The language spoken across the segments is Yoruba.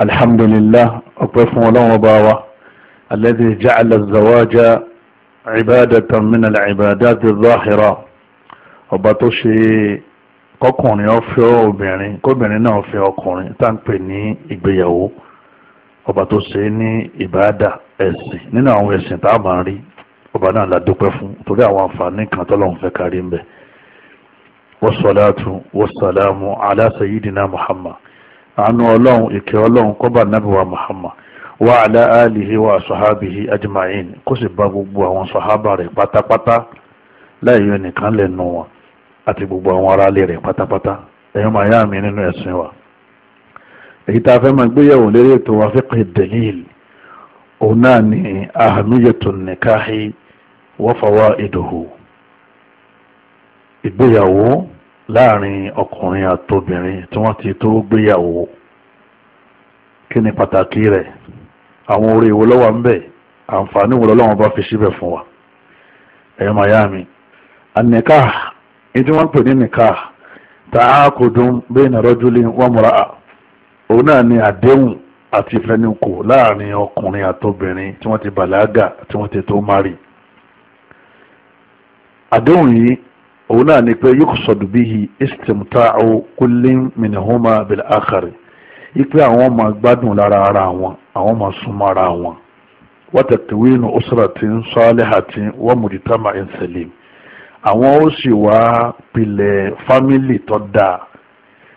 الحمد لله fún ọlọ́run ọba الذي جعل الزواج عبادة من العبادات الظاهرة ibadati adh-dhahira ọba tó ṣe kọkùnrin ọfẹ́ obìnrin kóbìnrin náà fẹ́ ọkùnrin tá ń pè ní ìgbéyàwó ọba tó ṣe ní ìbáàdà ẹ̀sìn nínú àwọn ẹ̀sìn tá a máa rí ọba náà la dúpẹ́ fún torí àwọn àǹfààní kan tọ́lọ́run fẹ́ kárí ń bẹ̀ wasalaatu wasalaamu ala sayidina muhammad àánú ọlọ́run ìkẹ́ ọlọ́run kọ́ba nàbẹ̀wá Muhammad wa ala alihi wa sahabihi ajma'in kó sì bá gbogbo àwọn sahaba rẹ̀ pátápátá láì yọ nìkan lẹ́nu wọn àti gbogbo àwọn aráalé rẹ̀ pátápátá ẹ̀yọ́ máa yá mi nínú ẹ̀sìn wa. èyí tá a fẹ́ máa gbéyàwó lérí ètò wa fiqh dalil òun náà ni ahamiyatu nikahi wa fawaiduhu ìgbéyàwó láàrin ọkùnrin àtobìnrin tí wọ́n ti tó gbéyàwó kí ni pàtàkì rẹ̀ àwọn orí ìwo lọ́wọ́ ń bẹ̀ àǹfààní wo lọ́wọ́ bá fi síbẹ̀ fún wa ẹ̀yọ́ mayami ànìká ìdí wọ́n pè ní nìká òun náà ni àdéhùn àti ìfẹnukò láàrin ọkùnrin àtobìnrin tí wọ́n ti bàlágà tí wọ́n ti tó mari àdéhùn yìí òun náà ni pé yuqsadu bihi istimta'u kullin minhuma bil akhari ipe àwọn máa gbádùn lára ara wọn àwọn máa súnmọ́ ara wọn wa takwinu usratin salihatin wa mujtama'in salim àwọn ó sì wá pilẹ̀ fámìlì tó dáa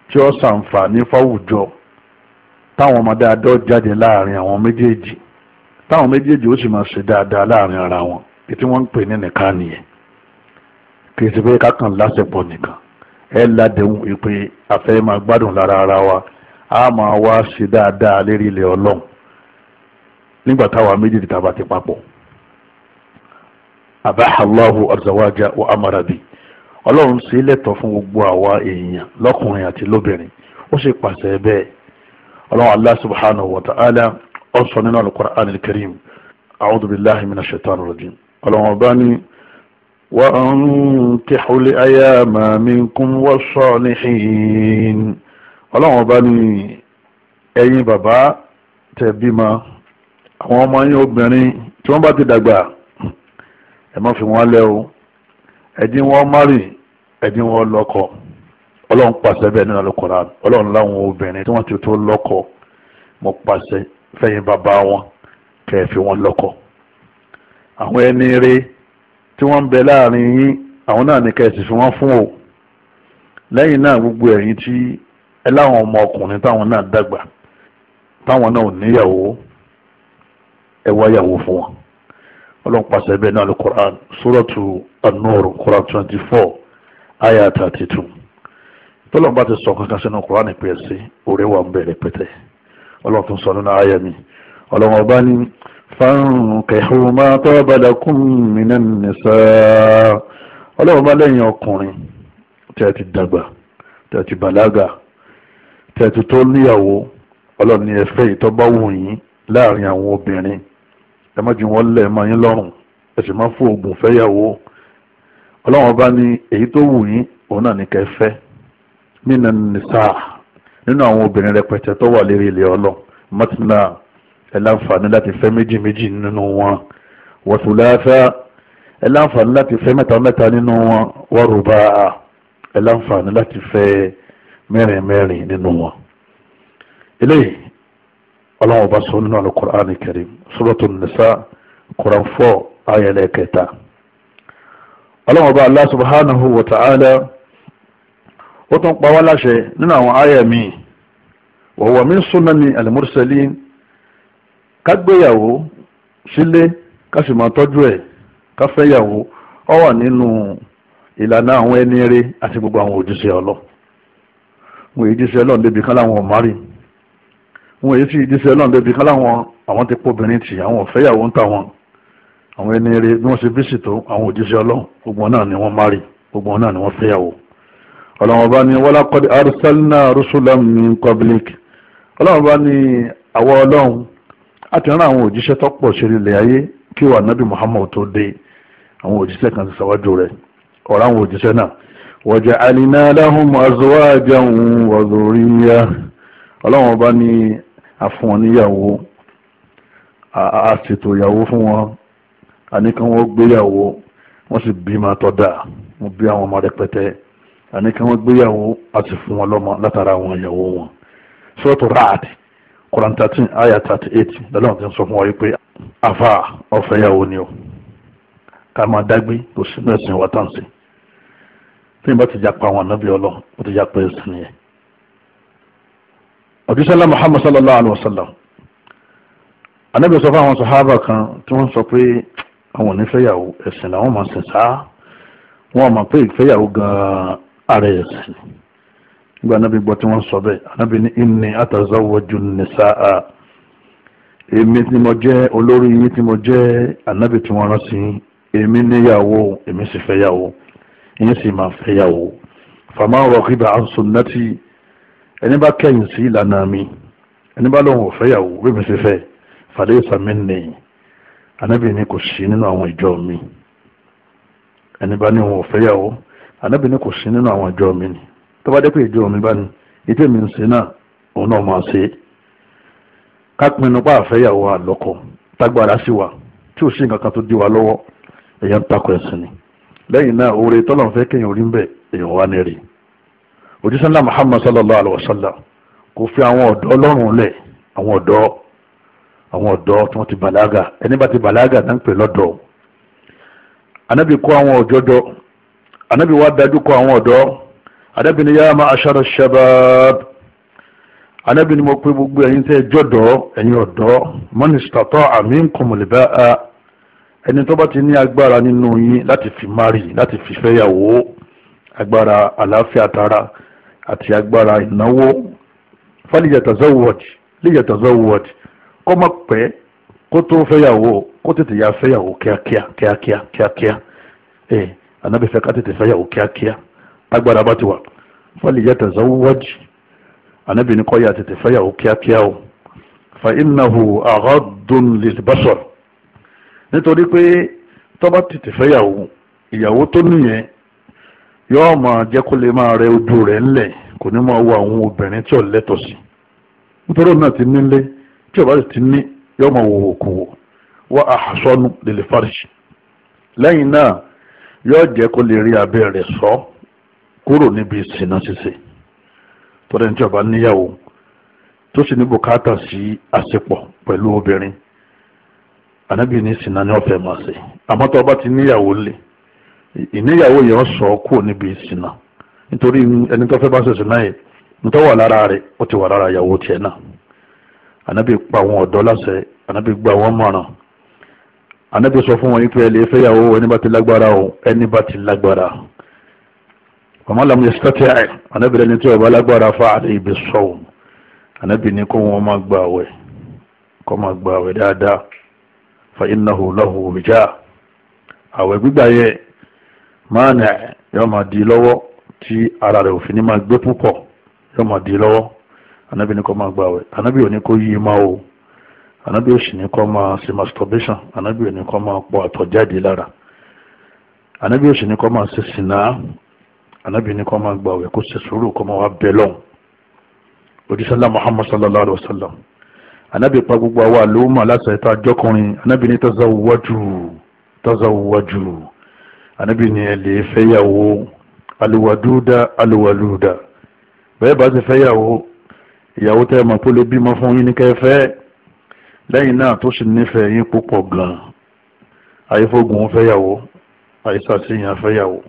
tí ó ṣàǹfààní fáwùjọ táwọn ọmọ dáadáa jáde láàrin àwọn méjèèjì táwọn méjèèjì ó sì máa ṣe dáadáa láàrin ara wọn ètí wọ́n ń pè ní nìkan nìyẹn kì í ṣe pé kákan lásẹ̀pọ̀ nìkan ẹ ládẹ̀hùn ìpè afẹ́ máa gbádùn lára ara wa a máa wá ṣe dáadáa lérí ilẹ̀ ọlọ́run nígbà táwa méjèèjì tábà ti papọ̀ abahallahu arzawaja wa amarabi ọlọ́run ṣe lẹ́tọ̀ fún gbogbo àwa èèyàn lọ́kùnrin àti lóbìnrin ó sì pàṣẹ bẹ́ẹ̀ ọlọ́run allah subhanahu wa ta'ala ó nínú al-Qur'an al-Karim a'udhu billahi minash shaitani rajim ọba ní. وأنكحوا لأيام منكم والصالحين ọlọ́run ọba ní ẹ̀yin bàbá tẹ́ bímọ àwọn ọmọ yín obìnrin tí wọ́n bá ti dàgbà ẹ má fi wọ́n lẹ̀ o ẹ̀dín wọn márì ẹ̀dín wọn lọ́kọ ọlọ́run pàṣẹ bẹ́ẹ̀ nínú Al-Qur'an ọlọ́run láwọn obìnrin tí wọ́n ti tó lọ́kọ mo pàṣẹ fẹ́yìn bàbá wọn kẹ́ ẹ fi wọ́n lọ́kọ àwọn ẹni rèé tí wọ́n ń bẹ láàrin yín àwọn náà ní kẹ́sì fi wọ́n fún o lẹ́yìn náà gbogbo ẹ̀yin tí ẹ láwọn ọmọ ọkùnrin táwọn náà dàgbà táwọn náà ò níyàwó ẹ wá fún wọn ọlọ́run pàṣẹ bẹ́ẹ̀ náà al-Qur'an suratu an-Nur twenty four aya thirty two tọ́lọ́run bá ti sọ kankan sínú Qur'an pé ẹ sí orí wa ń bẹ̀rẹ̀ pẹ̀tẹ́ ọlọ́run tún sọ nínú aya mi ọlọ́run ọba ní fankihu ma taba lakum minan nisaa ọlọ́run bá lẹ́yìn ọkùnrin tí a ti dàgbà tí a ti bàlágà tí a ti tó níyàwó ọlọ́run ní ẹ̀fẹ́ ìtọ́gbà wù yín láàrin àwọn obìnrin ẹ má ju wọn lẹ̀ mọ́ yín lọ́rùn ẹ sì má fún oògùn fẹ́yàwó ọlọ́run bá ní èyí tó wù yín òun náà ní kẹfẹ́ minan nisaa nínú àwọn obìnrin rẹpẹtẹ tó wà lérí ilé ọlọ́ mọ́tìlá ẹ láǹfààní láti fẹ́ méjì méjì nínú wọn wa thulatha ẹ láǹfààní láti fẹ́ mẹ́ta mẹ́ta nínú wọn wa rubaa ẹ láǹfààní láti fẹ́ mẹ́rin mẹ́rin nínú wọn. eléyìí ọlọ́run ọba sọ nínú al-Qur'an al-Karim Suratun Nisa Quran four ayẹlẹ kẹta ọlọ́run ọba Allah subhanahu wa ta'ala ó tún pa wá láṣẹ nínú àwọn àyà mi wa huwa min sunnani al-mursalin ká gbéyàwó sílé ká sì máa tọ́jú ẹ̀ ká fẹ́yàwó ó wà nínú ìlànà àwọn ẹni eré àti gbogbo àwọn òjíṣẹ́ ọlọ́ wọn èyí jíṣẹ́ ọlọ́run débi kan láwọn ọ̀márì wọn èyí sì jíṣẹ́ ọlọ́run débi kan láwọn àwọn ti pọ̀ obìnrin tì àwọn ọ̀fẹ́yàwó ń ta àwọn ẹni eré bí wọ́n ṣe bí sìtò àwọn òjíṣẹ́ ọlọ́run gbogbo náà ni wọ́n márì gbogbo náà ni wọ́n fẹ́yàwó ọlọ́run ọba ni wọ́lá kọ́dí arsalna rusulam min qablik ọlọ́run ọba ni àwọ ọlọ́run àti rán àwọn òjíṣẹ́ tó pọ̀ ṣe ilẹ̀ ayé kí wà nábì Muhammad tó dé àwọn òjíṣẹ́ kan ti ṣáwájú rẹ̀ ọ̀rọ̀ àwọn òjíṣẹ́ náà waja'alna lahum azwajan wa dhurriyyah ọlọ́run ọba ní àfún wọn níyàwó a ṣètò ìyàwó fún wọn àníkan wọn gbéyàwó wọn sì bímọ tó dáa wọn bí àwọn ọmọ rẹpẹtẹ àníkan wọn gbéyàwó a sì fún wọn lọ́mọ látara àwọn ìyàwó wọn sọ́ọ̀tù ráàdì Quran thirteen aya thirty eight lọ́lọ́run ti ń sọ fún wa wípé afa ọ̀fẹ́yàwó ni o ká máa dágbé kò sí mẹ́sìn wa tán sí tí ìbá ti jà pa àwọn ànábì ọlọ́ ó ti jà pé ẹ̀sìn nìyẹn. òjísọ́lá Muhammad sallallahu alayhi wa sallam ànábì sọ fún àwọn sàhábà kan tí wọ́n sọ pé àwọn onífẹ́yàwó ẹ̀sìn làwọn máa ń sìn sáá wọ́n máa pé ìfẹ́yàwó gan-an ara ẹ̀sìn ni nígbà anábì gbọ́ tí wọ́n sọ bẹ́ẹ̀ anábì ní inni atazawwaju nisaa èmi tí mo jẹ́ olórí yín tí mo jẹ́ anábì tí wọ́n rán sí èmi níyàwó èmi sì fẹ́ yàwó èmi sì máa fẹ́ yàwó faman raqiba an sunnati ẹni bá kẹ́yìn sí ìlànà mi ẹni bá lóun ò fẹ́ yàwó bí mi sì fẹ́ falaysa minni anábì ní kò sí nínú àwọn ìjọ mi ẹni bá ní òun ò fẹ́ yàwó anábì ní kò sí nínú àwọn ìjọ mi ni tó bá dé pé ìjọ mi bá ní ètò mi ń ṣe náà òun náà máa ṣe é ká pinnu pa àfẹ́yàwó àlọ́kọ tágbára sí wa tí ò sí nǹkan kan tó di wa lọ́wọ́ èèyàn takò ẹ̀sìn ni lẹ́yìn náà oore tọ́lọ́n fẹ́ kéèyàn orí ń bẹ̀ èèyàn wá ní rí òjíṣẹ́ ńlá Muhammad sallallahu alayhi wa sallam kò fi àwọn ọ̀dọ́ lọ́rùn lẹ̀ àwọn ọ̀dọ́ àwọn ọ̀dọ́ tí wọ́n ti bàlágà ẹni bá ti bàlágà náà ń pè lọ́dọ̀ Ànábì kó àwọn ọ̀jọ́dọ́ Ànábì wá dájú kó àwọn ọ̀dọ́ Ànábì ní yá ma'ashara shabab Ànábì ní mo pé gbogbo ẹ̀yin tẹ́ jọ̀dọ́ ẹ̀yin ọ̀dọ́ man istata'a minkumul ba'a ẹni tó bá ti ní agbára nínú yín láti fi mari láti fi fẹ́yàwó agbára àlàáfíà tara àti agbára ìnáwó falyatazawwaj liyatazawwaj kó má pẹ́ kó tó fẹ́yàwó kó tètè ya fẹ́yàwó kíákíá kíákíá kíákíá ẹ̀ Ànábì fẹ́ ká tètè fẹ́yàwó kíákíá agbára bá ti wà fọlì yẹ tẹsán wọjì anabi ní kọyà tètè fẹyàwó kíákíá o fa innahu aghadun lilbasar nítorí pé tọ́ba tètè fẹyàwó ìyàwó tó nìyẹn yóò máa jẹ́ kó lè máa rẹ ojú rẹ̀ ńlẹ̀ kò ní máa wo àwọn obìnrin tí ò lẹ́tọ̀ sí nítorí náà ti nílé tí ọba ti ní yóò máa wòwò kò wò wá àhásọ́nù lè lè farish lẹ́yìn náà yóò jẹ́ kó lè rí abẹ́ rẹ̀ kúrò níbi ìsìnà ṣíṣe torí ẹni tí ọba níyàwó tó sì ní bùkátà sí àṣepọ̀ pẹ̀lú obìnrin ànábì ní ni ọ̀fẹ́ máa ṣe àmọ́ tó ọba ti níyàwó lé ìníyàwó yẹn sọ kúrò níbi ìsìnà nítorí ẹni tó fẹ́ bá ṣe ìsìnà yìí nítorí wà lára ó ti wà lára ìyàwó tiẹ̀ náà ànábì pa àwọn láṣẹ ànábì gba àwọn mọ̀ràn ànábì sọ fún wọn yìí pé ẹ lè ẹni ọmọ làwọn yẹn sọ́tẹ́ ẹ̀ anábìrẹ́ ni tí ọba alágbára fa àlẹ́ ibi sọ́wọ́ anábì ní kó wọn máa gba àwẹ̀ kó máa gba àwẹ̀ dáadáa fa innahu lahu wìjà àwẹ̀ gbígbà yẹ máa nà yọ máa di lọ́wọ́ tí ara rẹ̀ òfin ní máa gbé púpọ̀ yọ máa di lọ́wọ́ anábì ní kó máa gba àwẹ̀ anábì ò kó yí máa o anábì ò ní kó máa ṣe masturbation anábì ò kó máa pọ̀ àtọ̀ lára anábì ò ní kó máa ṣe sìnà anabi ní kó máa gba ọ̀wẹ̀ kó ṣe sùúrù kó máa wá bẹ lọ́hùn odisala muhammad sallallahu alaihi wa sallam anabi pa gbogbo àwa àlòmọ aláṣẹ ìta àjọkùnrin anabi ní tazawwaju tazawwaju anabi ní ẹ lè fẹ́yàwó aluwaduda aluwaluda bẹ́ẹ̀ bá ti fẹ́yàwó ìyàwó tẹ́ ẹ mọ̀ pé ó lè bímọ fún yín ní kẹfẹ́ lẹ́yìn náà tó sì nífẹ̀ẹ́ yín púpọ̀ gan-an àyífógun fẹ́yàwó àyíṣàṣeyàn fẹ́yàwó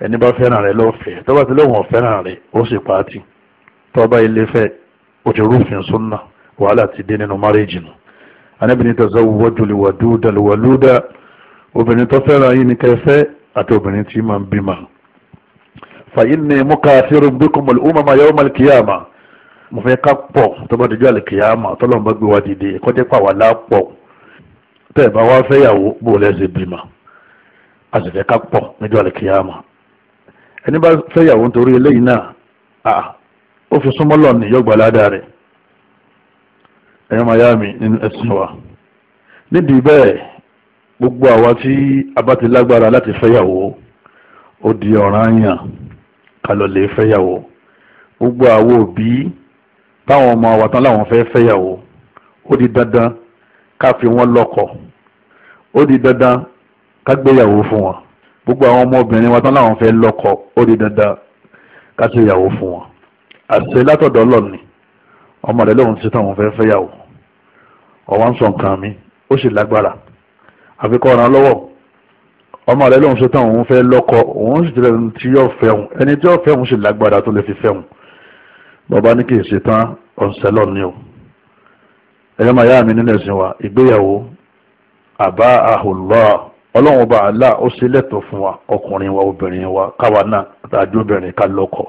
ẹni bá fẹ́ràn rẹ lọ́fẹ̀ẹ́ tọ́ba tí lóun ọ̀fẹ́ràn rẹ ó sì pàtì tọ́ba ilé fẹ́ o ti rúfin súnà wàhálà ti dé nínú márẹ́jì nù anábìnrin tẹ̀sán wọ́jú lìwàdúdà lìwàlúdà obìnrin tó fẹ́ràn yìí ni kẹfẹ́ àti obìnrin tí máa ń bímọ. fàyín ni mo ka fẹ́rù bíkùn mọ̀lẹ́ ó máa yọ ọmọ kìyàmà mo fẹ́ ká pọ̀ tọ́ba dìjọ́ àlè kìyàmà tọ́lọ́n bá gbé wa dìde kọ́jẹ́ pa ká pọ̀ níjọ́ àlè kìyàmà ẹni bá fẹ́yàwó nítorí eléyìí náà ó fi súnmọ́ lọ ní yọgbà ládàá rẹ̀ ẹ̀yọ́ mayami nínú ẹ̀sìn wa nídìí bẹ́ẹ̀ gbogbo àwa tí a bá ti lágbára láti fẹ́yàwó ó di ọ̀ranyàn ká lọ lè fẹ́yàwó gbogbo àwa òbí táwọn ọmọ wa tán láwọn fẹ́ fẹ́yàwó ó di dandan ká fi wọ́n lọ́kọ ó di dandan ká gbéyàwó fún wọn gbogbo àwọn ọmọbìnrin wa tán láwọn fẹ́ lọ́kọ ó di dandan ká ṣe ìyàwó fún wọn àṣẹ látọ̀dọ̀ ọlọ́ni ọmọ rẹ lóun ṣe táwọn fẹ́ fẹ́yàwó ọ̀wá ń sọ nǹkan mi ó sì lágbára àfikọ́ ọ̀ràn lọ́wọ́ ọmọ rẹ lóun ṣe táwọn fẹ́ lọ́kọ òun sì tilẹ̀ tí yóò fẹ́ hùn ẹni tí yóò fẹ́ hùn sì lágbára tó lè fi fẹ́ hùn bàbá ní kì í ṣe tán ọ̀sẹ̀ lọ́ni o ẹ̀yọ́ màá yá mi nínú ẹ̀sìn wa ìgbéyàwó àbá àhùlọ́ọ̀ ọlọ́run ọba àlá ó ṣe lẹ́tọ̀ọ́ fún wa ọkùnrin wa obìnrin wa káwa náà àtàjọ obìnrin ká lọ́kọ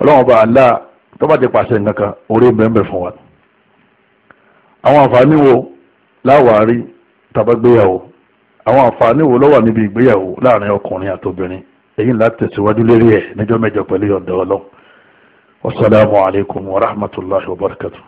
ọlọ́run ọba àlá tó bá ti pàṣẹ nǹkan kan orí bẹ́ẹ̀ fún wa. àwọn àǹfààní wo láwàárí tàbágbéyàwó àwọn àǹfààní wo ló wà níbi ìgbéyàwó láàrin ọkùnrin àtobìnrin èyí ńlá tẹ̀síwájú lérí ẹ̀ níjọ́ mẹ́jọ pẹ̀lú ọ̀dọ́ ọlọ́run wasalaamualeykum wa rahmatulahi wa barakatuh.